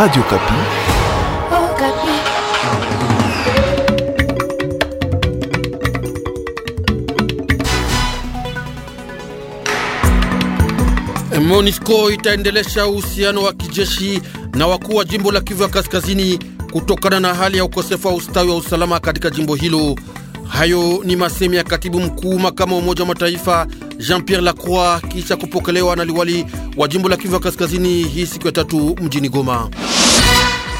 Radio Kapi. Oh, Kapi. itaendelesha uhusiano wa kijeshi na wakuu wa jimbo la Kivu ya Kaskazini kutokana na hali ya ukosefu wa ustawi wa usalama katika jimbo hilo. Hayo ni masemi ya katibu mkuu makama wa Umoja wa Mataifa Jean-Pierre Lacroix kisha kupokelewa na liwali wa jimbo la Kivu ya Kaskazini hii siku ya tatu mjini Goma.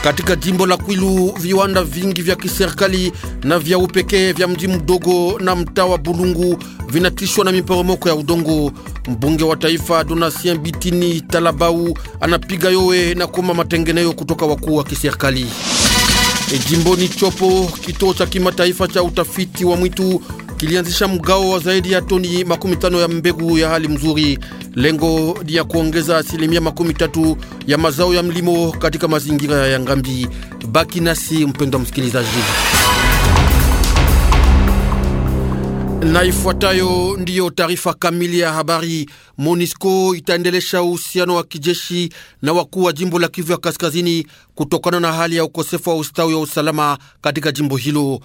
Katika jimbo la Kwilu viwanda vingi vya kiserikali na vya upekee vya mji mdogo na mtaa wa Bulungu vinatishwa na miporomoko ya udongo. Mbunge wa taifa Donatien Bitini Talabau anapiga yowe na kuomba matengenezo kutoka wakuu wa kiserikali. E, ni Chopo, kituo cha kimataifa cha utafiti wa mwitu kilianzisha mgao wa zaidi ya toni makumi tano ya mbegu ya hali mzuri. Lengo ni ya kuongeza asilimia makumi tatu ya mazao ya mlimo katika mazingira ya Ngambi. Baki nasi mpendwa msikilizaji, na ifuatayo ndiyo taarifa kamili ya habari. MONUSCO itaendelesha uhusiano wa kijeshi na wakuu wa jimbo la Kivu ya Kaskazini kutokana na hali ya ukosefu wa ustawi wa usalama katika jimbo hilo.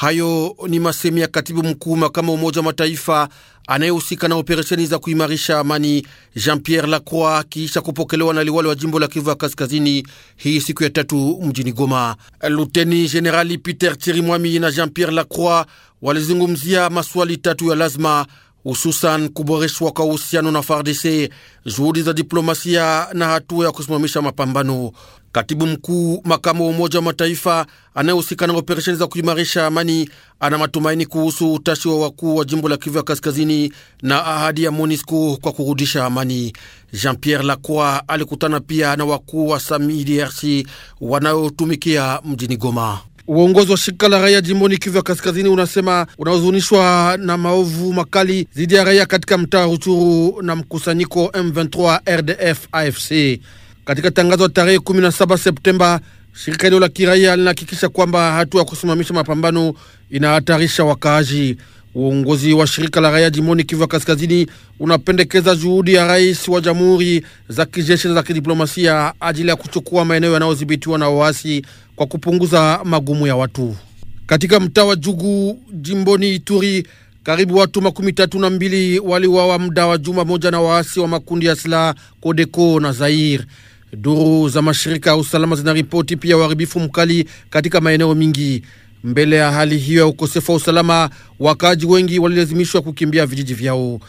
Hayo ni masemi ya katibu mkuu makama Umoja wa Mataifa anayehusika na operesheni za kuimarisha amani Jean Pierre Lacroix akiisha kupokelewa na liwali wa jimbo la Kivu ya Kaskazini hii siku ya tatu mjini Goma. Luteni Generali Peter Chirimwami na Jean Pierre Lacroix walizungumzia maswali tatu ya lazima hususan kuboreshwa kwa uhusiano na FARDC, juhudi za diplomasia na hatua ya kusimamisha mapambano. Katibu mkuu makamu wa Umoja wa Mataifa anayehusika na operesheni za kuimarisha amani ana matumaini kuhusu utashi wa wakuu wa jimbo la Kivu ya Kaskazini na ahadi ya MONUSCO kwa kurudisha amani. Jean Pierre Lacroix alikutana pia na wakuu wa SAMI wanayotumikia mjini Goma. Uongozi wa shirika la raia jimboni Kivu ya Kaskazini unasema unahuzunishwa na maovu makali dhidi ya raia katika mtaa Ruchuru na mkusanyiko M23 RDF AFC. Katika tangazo la tarehe 17 Septemba, shirika hilo la kiraia linahakikisha kwamba hatua ya kusimamisha mapambano inahatarisha wakaaji. Uongozi wa shirika la raia jimoni Kivu Kaskazini unapendekeza juhudi ya rais wa jamhuri za kijeshi na za kidiplomasia ajili ya kuchukua maeneo yanayodhibitiwa na waasi kwa kupunguza magumu ya watu. Katika mtaa wa Jugu jimboni Ituri, karibu watu makumi tatu na mbili waliwawa muda wa juma moja na waasi wa makundi ya silaha Kodeko na Zair. Duru za mashirika ya usalama zinaripoti pia uharibifu mkali katika maeneo mingi. Mbele ya hali hiyo ya ukosefu wa usalama, wakaaji wengi walilazimishwa kukimbia vijiji vyao.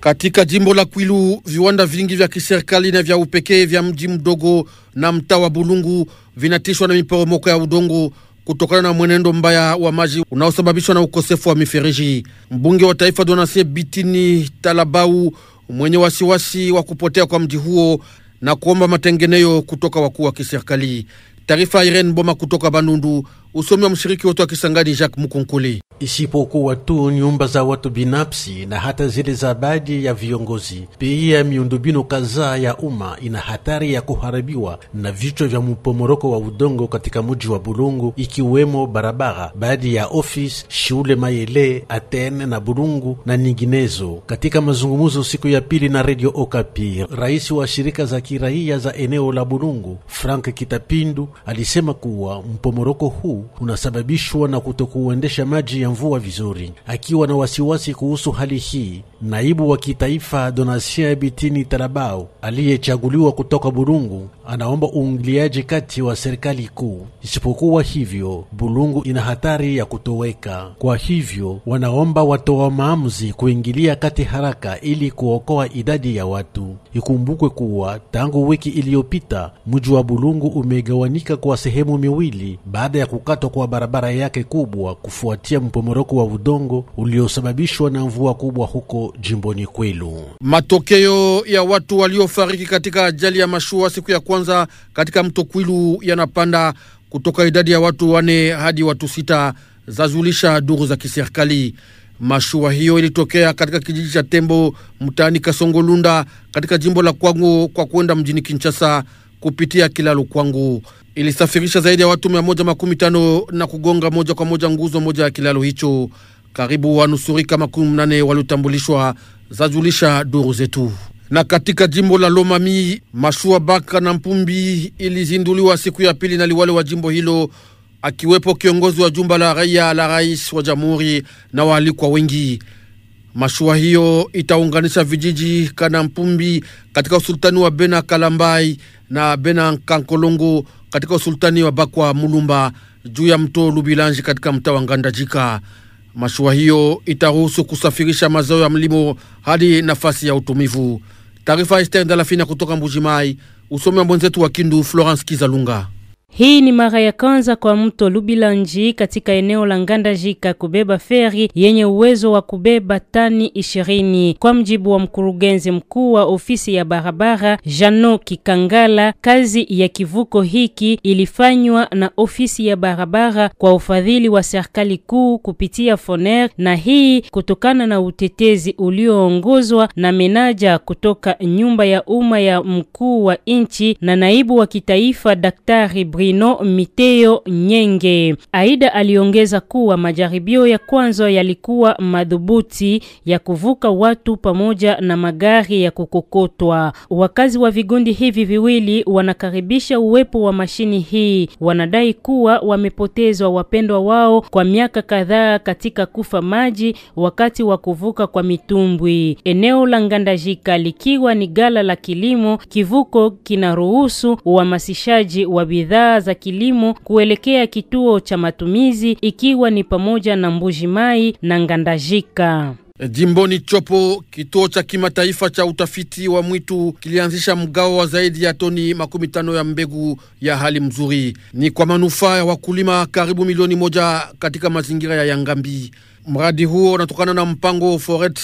Katika jimbo la Kwilu, viwanda vingi vya kiserikali na vya upekee vya mji mdogo na mtaa wa Bulungu vinatishwa na miporomoko ya udongo kutokana na mwenendo mbaya wa maji unaosababishwa na ukosefu wa mifereji. Mbunge wa taifa Donasie Bitini Talabau mwenye wasiwasi wa kupotea kwa mji huo na kuomba matengeneyo kutoka wakuu wa kiserikali. Taarifa Irene Boma kutoka Bandundu usomi wa mshiriki wetu wa Kisangani Jacques Mukunkuli. Isipokuwa tu nyumba za watu binafsi na hata zile za baadhi ya viongozi, pia miundombinu kadhaa ya umma ina hatari ya kuharibiwa na vichwa vya mpomoroko wa udongo katika muji wa Bulungu, ikiwemo barabara, baadhi ya ofisi, shule Mayele, Atene na Bulungu na nyinginezo. Katika mazungumzo siku ya pili na Radio Okapi, rais wa shirika za kiraia za eneo la Bulungu Frank Kitapindu alisema kuwa mpomoroko huu unasababishwa na kutokuuendesha maji ya mvua vizuri. Akiwa na wasiwasi kuhusu hali hii, Naibu wa kitaifa Donasia Bitini Tarabao aliyechaguliwa kutoka Bulungu anaomba uingiliaji kati wa serikali kuu, isipokuwa hivyo Bulungu ina hatari ya kutoweka. Kwa hivyo wanaomba watoa wa maamuzi kuingilia kati haraka ili kuokoa idadi ya watu. Ikumbukwe kuwa tangu wiki iliyopita mji wa Bulungu umegawanika kwa sehemu miwili baada ya kukatwa kwa barabara yake kubwa kufuatia mpomoroko wa udongo uliosababishwa na mvua kubwa huko jimboni Kwilu. Matokeo ya watu waliofariki katika ajali ya mashua siku ya kwanza katika mto Kwilu yanapanda kutoka idadi ya watu wane hadi watu sita, zazulisha duru za kiserikali. Mashua hiyo ilitokea katika kijiji cha Tembo mtaani Kasongolunda katika jimbo la Kwangu kwa kwenda mjini Kinshasa kupitia kilalo Kwangu. Ilisafirisha zaidi ya watu mia moja makumi tano na kugonga moja kwa moja nguzo moja ya kilalo hicho karibu wanusurika makumi nane waliotambulishwa, zajulisha duru zetu. Na katika jimbo la Lomami, mashua Baka na Mpumbi ilizinduliwa siku ya pili na liwale wa jimbo hilo, akiwepo kiongozi wa jumba la raia la rais wa jamhuri na waalikwa wengi. Mashua hiyo itaunganisha vijiji Kanampumbi katika usultani wa Bena Kalambai na Bena Kankolongo katika usultani wa Bakwa Mulumba juu ya mto Lubilanji katika mtaa wa Ngandajika. Mashua hiyo itaruhusu kusafirisha mazao ya mlimo hadi nafasi ya utumivu. Taarifa Ester Ndalafina kutoka Mbujimai, usomi wa mwenzetu wa Kindu Florence Kizalunga. Hii ni mara ya kwanza kwa mto Lubilanji katika eneo la Ngandajika kubeba feri yenye uwezo wa kubeba tani ishirini. Kwa mjibu wa mkurugenzi mkuu wa ofisi ya barabara Jano Kikangala, kazi ya kivuko hiki ilifanywa na ofisi ya barabara kwa ufadhili wa serikali kuu kupitia Foner, na hii kutokana na utetezi ulioongozwa na menaja kutoka nyumba ya umma ya mkuu wa nchi na naibu wa kitaifa Daktari Torino Miteo Nyenge. Aida aliongeza kuwa majaribio ya kwanza yalikuwa madhubuti ya kuvuka watu pamoja na magari ya kukokotwa. Wakazi wa vigundi hivi viwili wanakaribisha uwepo wa mashini hii. Wanadai kuwa wamepotezwa wapendwa wao kwa miaka kadhaa katika kufa maji wakati wa kuvuka kwa mitumbwi. Eneo la Ngandajika likiwa ni gala la kilimo, kivuko kinaruhusu uhamasishaji wa bidhaa bidhaa za kilimo kuelekea kituo cha matumizi ikiwa ni pamoja na Mbujimai na Ngandajika. Jimboni Chopo, kituo cha kimataifa cha utafiti wa mwitu kilianzisha mgao wa zaidi ya toni makumi tano ya mbegu ya hali mzuri, ni kwa manufaa ya wakulima karibu milioni moja katika mazingira ya Yangambi. Mradi huo unatokana na mpango Foret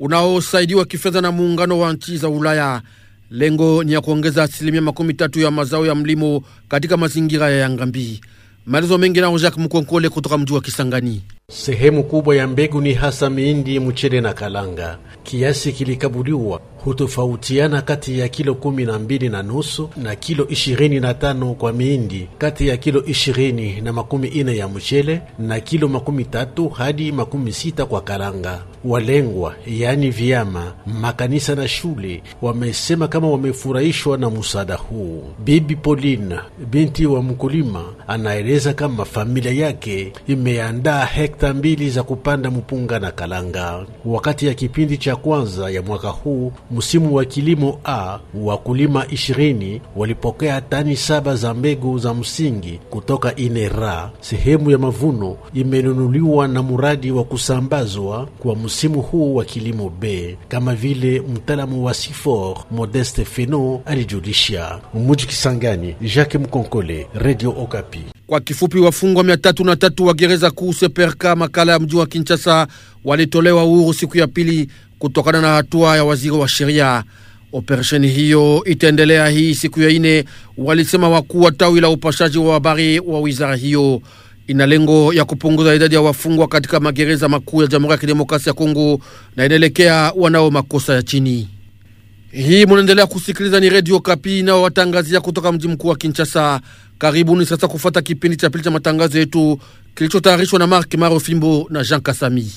unaosaidiwa kifedha na muungano wa nchi za Ulaya. Lengo ni ya kuongeza asilimia makumi tatu ya mazao ya mlimo katika mazingira ya Yangambi. Maelezo mengi nao Jacques Mkonkole kutoka mji wa Kisangani. Sehemu kubwa ya mbegu ni hasa miindi, mchele na kalanga. Kiasi kilikabuliwa hutofautiana kati ya kilo kumi na mbili na nusu na kilo ishirini na tano kwa miindi, kati ya kilo ishirini na makumi ine ya mchele na kilo makumi tatu hadi makumi sita kwa kalanga. Walengwa yaani vyama, makanisa na shule wamesema kama wamefurahishwa na msaada huu. Bibi Pauline, binti wa mkulima, anaeleza kama familia yake imeandaa hek hekta mbili za kupanda mpunga na kalanga. Wakati ya kipindi cha kwanza ya mwaka huu, msimu wa kilimo A, wakulima 20 walipokea tani saba za mbegu za msingi kutoka Inera. Sehemu ya mavuno imenunuliwa na mradi wa kusambazwa kwa msimu huu wa kilimo B, kama vile mtaalamu wa Sifor Modeste Feno alijulisha. Mujikisangani, Jacques Mkonkole, Radio Okapi. Kwa kifupi, wafungwa mia tatu na tatu wa gereza kuu Seperka makala ya mji wa Kinshasa walitolewa uhuru siku ya pili kutokana na hatua ya waziri wa sheria. Operesheni hiyo itaendelea hii siku ya ine, walisema wakuu wa tawi la upashaji wa habari wa wizara hiyo. Ina lengo ya kupunguza idadi ya wafungwa katika magereza makuu ya Jamhuri ya Kidemokrasia ya Kongo na inaelekea wanao makosa ya chini. Hii munaendelea kusikiliza, ni redio Kapi inayowatangazia kutoka mji mkuu wa Kinshasa. Karibuni sasa kufuata kipindi cha pili cha matangazo yetu kilichotayarishwa na Mark Maro Fimbo na Jean Kasami.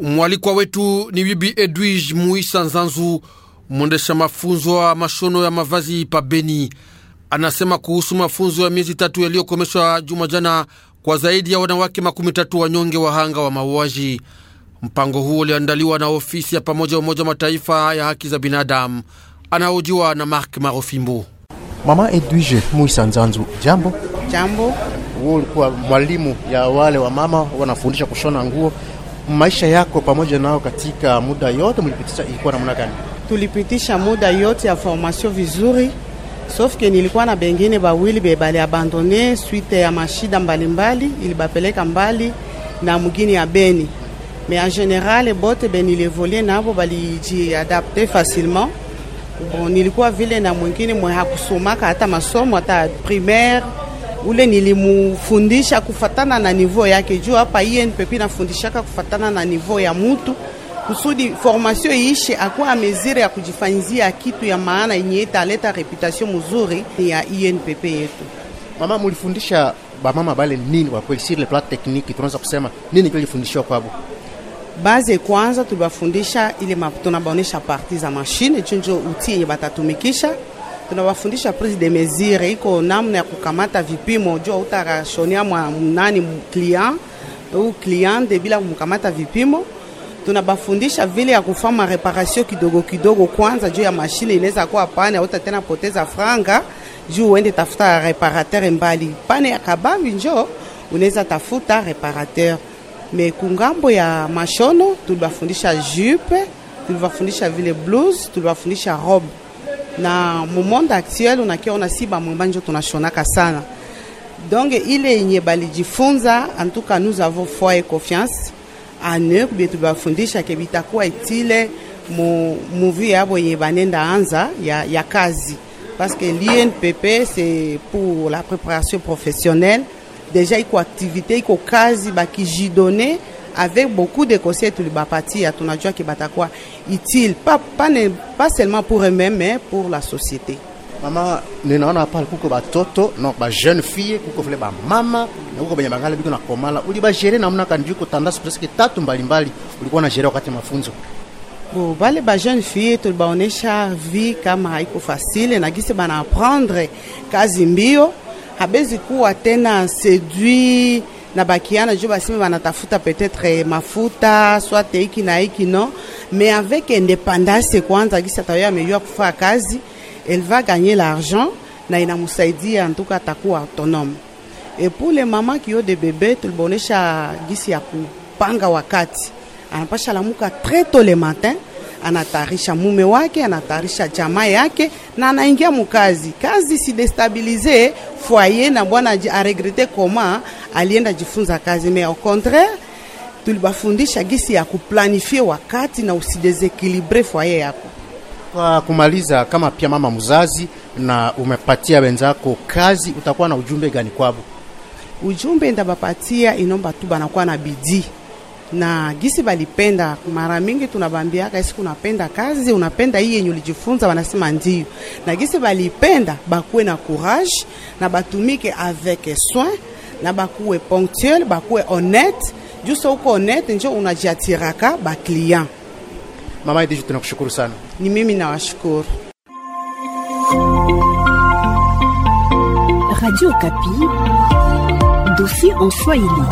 Mwalikwa wetu ni Bibi Edwige Muisa Nzanzu, mwendesha mafunzo ya mashono ya mavazi pa Beni anasema kuhusu mafunzo ya miezi tatu yaliyokomeshwa juma jana kwa zaidi ya wanawake makumi tatu wanyonge wahanga wa mauaji. Mpango huo uliandaliwa na ofisi ya pamoja ya Umoja Mataifa ya haki za binadamu. Anahojiwa na Mark Marofimbo. Mama Edwige Muisa Nzanzu, jambo jambo. Wewe ulikuwa mwalimu ya wale wa mama wanafundisha kushona nguo, maisha yako pamoja nao katika muda yote mlipitisha ilikuwa namna gani? Tulipitisha muda yote ya formation vizuri sofke nilikuwa na bengine bawili bebali abandone suite ya mashida mbalimbali ilibapeleka mbali na mugini ya Beni me en général bote benilevole nabo balijiadapte facilement. Bon, nilikuwa vile na mwingine mwe hakusomaka hata masomo hata primaire, ule nilimufundisha kufatana na nivou yake juu hapa INPP nafundishaka kufatana na niveau ya mutu kusudi formation iishe akuwa amezire ya kujifanyizia kitu ya maana yenye italeta reputation mzuri ya INPP yetu. Mama, mulifundisha bamama bale nini kwa kweli, sur le plan technique tunaweza kusema nini kilifundishwa kwabo? Baze kwanza tulibafundisha ile tunabaonesha parti za mashine chonjo uti yenye batatumikisha tunawafundisha prise de mesure iko namna ya kukamata vipimo jo utarashonia mwa nani client au client de bila kumkamata vipimo tunabafundisha vile ya kufanya reparasio kidogo kidogo kwanza juu ya mashine inaweza kuwa pane auta tena poteza franga juu uende tafuta reparateur mbali. Pane ya kabambi njo unaweza tafuta reparateur. Me kungambo ya mashono tulibafundisha jupe, tulibafundisha vile blouse, tulibafundisha robe. Na mu monde actuel unakiona si bamwemba njo tunashonaka sana. Donc ile yenye balijifunza, en tout cas nous avons foi et confiance en œuvre byetu bafundisha ke il itile mon muvi yabo boye banenda anza ya, ya kazi parce que l'INPP c'est pour la préparation professionnelle déjà il iko activité bah, qui kazi donné avec beaucoup de conseils tulibapatia tunajua ke batakuwa utile pas, pas, pas seulement pour eux-mêmes mais pour la société mama ninaona hapa kuko batoto no ba jeune fille kuko vile ba mama na kuko benye bangala biko na komala ulibajere namna kanju kutanda presque tatu mbalimbali ulikuwa na jere wakati mafunzo bo bale ba jeune fille tulibaonesha vi kama haiko fasile na gisi bana apprendre kazi mbio habezi kuwa tena sedui na bakiana jo basime banatafuta peut-être mafuta soit hiki na hiki no mais avec independance kwanza gisi atayo amejua kufaa kazi Elle va gagner l'argent na inamsaidia antuka atakuwa autonome. Et pour les mamans qui ont des bébés, tulibonesha gisi ya kupanga wakati. Anapasha lamuka très tôt le matin, anatayarisha mume wake, anatarisha jamaa yake na anaingia mukazi. Kazi si destabiliser foyer na bwana aregrete koma alienda jifunza kazi, mais au contraire tulibafundisha gisi ya kuplanifie wakati na usidéséquilibre foyer yako. Kwa kumaliza, kama pia mama mzazi na umepatia wenzako kazi, utakuwa na ujumbe gani kwabo? Ujumbe ndabapatia inomba tu banakuwa na bidii na gisi balipenda. Mara mingi tunabambiaka esi kunapenda kazi, unapenda hii yenye ulijifunza, wanasema ndio. Na gisi balipenda bakuwe na courage na batumike avec soin na bakuwe ponctuel, bakuwe honnête. Juso uko honnête njo unajiatiraka ba client Mama Edith, tunakushukuru sana. Ni mimi nawashukuru. Radio Kapi, dossier en Swahili.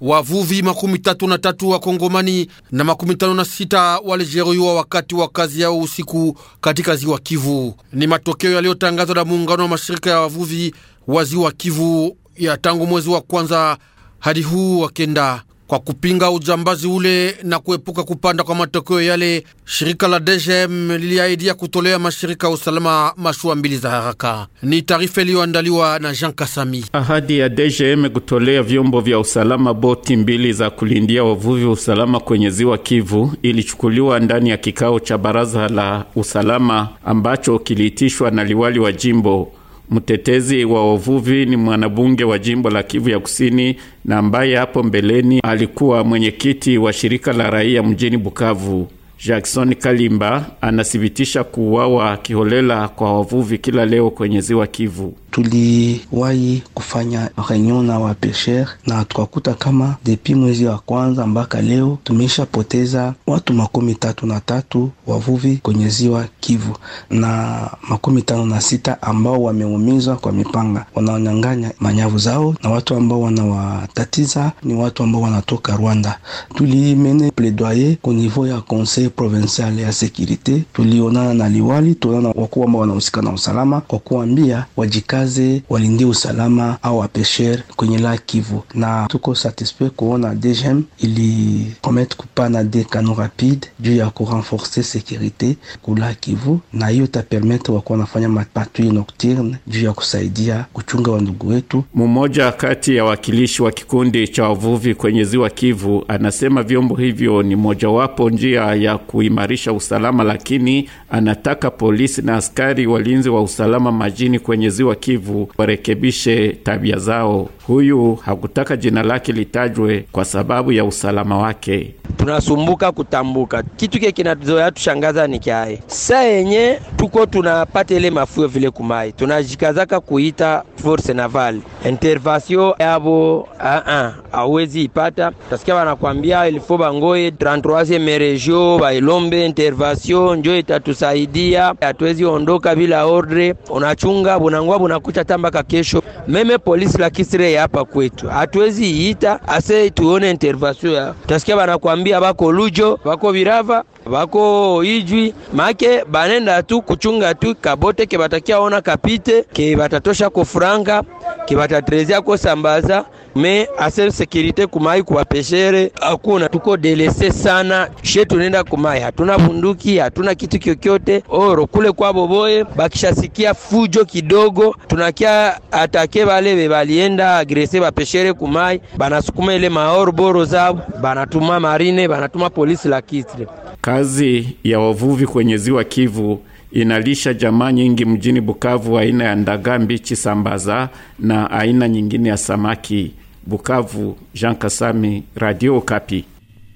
Wavuvi makumi tatu na tatu wa Kongomani na makumi tano na sita walijeruhiwa wakati wa kazi yao usiku katika ziwa Kivu. Ni matokeo yaliyotangazwa na muungano wa mashirika ya wavuvi wa ziwa Kivu ya tangu mwezi wa kwanza hadi huu wa kenda kwa kupinga ujambazi ule na kuepuka kupanda kwa matokeo yale, shirika la DGM liliahidia kutolea mashirika ya usalama mashua mbili za haraka. Ni taarifa iliyoandaliwa na Jean Kasami. Ahadi ya DGM kutolea vyombo vya usalama boti mbili za kulindia wavuvi wa usalama kwenye ziwa Kivu ilichukuliwa ndani ya kikao cha baraza la usalama ambacho kiliitishwa na liwali wa jimbo Mtetezi wa wavuvi ni mwanabunge wa jimbo la Kivu ya Kusini na ambaye hapo mbeleni alikuwa mwenyekiti wa shirika la raia mjini Bukavu. Jackson Kalimba anathibitisha kuuawa kiholela kwa wavuvi kila leo kwenye ziwa Kivu tuliwahi kufanya reunion na wapesher na tukakuta kama depi mwezi wa kwanza mpaka leo tumesha poteza watu makumi tatu na tatu wavuvi kwenye ziwa Kivu na makumi tano na sita ambao wameumizwa kwa mipanga, wanaonyang'anya manyavu zao, na watu ambao wanawatatiza ni watu ambao wanatoka Rwanda. Tulimene plaidoyer kwa niveau ya conseil provincial ya securite, tulionana na liwali, tulionana wakuu ambao wanahusika na usalama kwa kuambia wajikazi wakaze walindia usalama au wapesher kwenye la Kivu, na tuko satisfait kuona DGM ilipromet kupana de kano rapide juu ya kurenforce sekurite kula Kivu, na hiyo itapermete wakuwa nafanya mapatui nocturne juu ya kusaidia kuchunga wandugu wetu. Mmoja kati ya wakilishi wa kikundi cha wavuvi kwenye ziwa Kivu anasema vyombo hivyo ni mojawapo njia ya kuimarisha usalama, lakini anataka polisi na askari walinzi wa usalama majini kwenye ziwa Kivu utulivu, warekebishe tabia zao Huyu hakutaka jina lake litajwe kwa sababu ya usalama wake. Tunasumbuka kutambuka kitu kile kinazoya tushangaza ni kyaye sa yenye tuko tunapata ile mafuo vile kumai tunajikazaka kuita force naval intervention yabo a a uh -uh, awezi ipata, Tasikia wanakwambia ilifo bangoye 33e region bailombe intervention njo itatusaidia, hatuwezi ondoka bila ordre. Unachunga bunangwa bunakucha tambaka kesho meme polisi la Kisire hapa kwetu, hatuwezi iita ase tuone intervention yao. Utasikia banakwambia bako Lujo, bako Virava bako ijwi make banenda tu kuchunga tu kabote ke batakia ona kapite ke batatosha ko franga ke batatrezia ko sambaza me ase sekirite kumai peshere hakuna. Tuko delese sana she, tunenda kumai, hatuna bunduki, hatuna kitu kyokyote oro kule kwa boboye. Bakishasikia fujo kidogo, tunakia atake bale bebalienda agrese peshere kumai, banasukuma ile maoro boro zabo, banatuma marine, banatuma polisi la Kistre Kazi ya wavuvi kwenye ziwa Kivu inalisha jamaa nyingi mjini Bukavu, aina ya ndagaa mbichi, sambaza na aina nyingine ya samaki. Bukavu, Jean Kasami, Radio Kapi.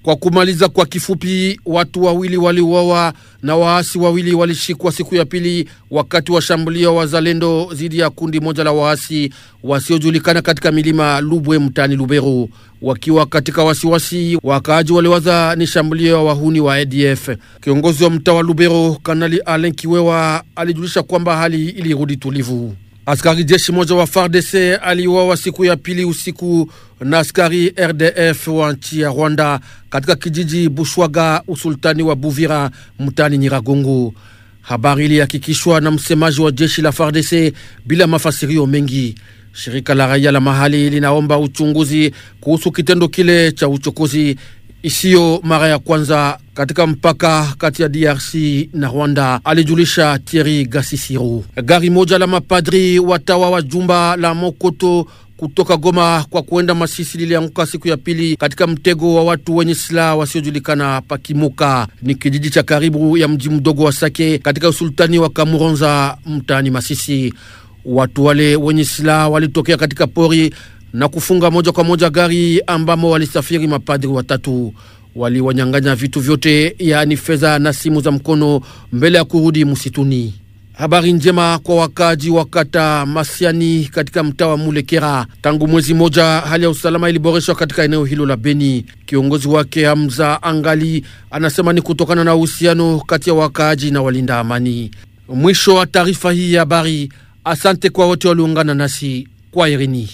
Kwa kumaliza kwa kifupi, watu wawili waliuawa na waasi wawili walishikwa siku ya pili wakati wa shambulio wa zalendo dhidi ya kundi moja la waasi wasiojulikana katika milima Lubwe mtani Lubero. Wakiwa katika wasiwasi, wakaaji waliwaza ni shambulio ya wahuni wa ADF. Kiongozi wa mtaa wa Lubero, Kanali alen Kiwewa, alijulisha kwamba hali ilirudi tulivu. Askari jeshi moja wa FARDC aliuawa siku ya pili usiku na askari RDF wa nchi ya Rwanda katika kijiji Bushwaga, usultani wa Buvira, mtani Nyiragongo. Habari ilihakikishwa na msemaji wa jeshi la FARDC bila mafasirio mengi. Shirika la raia la mahali linaomba uchunguzi kuhusu kitendo kile cha uchokozi isiyo mara ya kwanza katika mpaka kati ya DRC na Rwanda, alijulisha Thierry Gasisiru. Gari moja la mapadri watawa wa jumba la Mokoto kutoka Goma kwa kuenda Masisi lilianguka siku ya pili katika mtego wa watu wenye silaha wasiojulikana pakimuka. Ni kijiji cha karibu ya mji mdogo wa Sake katika usultani wa Kamuronza mtaani Masisi. Watu wale wenye silaha walitokea katika pori na kufunga moja kwa moja gari ambamo walisafiri mapadri watatu. Waliwanyang'anya vitu vyote, yaani fedha na simu za mkono, mbele ya kurudi msituni. Habari njema kwa wakaji wa kata Masiani katika mtaa wa Mulekera. Tangu mwezi moja, hali ya usalama iliboreshwa katika eneo hilo la Beni. Kiongozi wake Hamza Angali anasema ni kutokana na uhusiano kati ya wakaaji na walinda amani. Mwisho wa taarifa hii ya habari. Asante kwa wote waliungana nasi kwa Irini.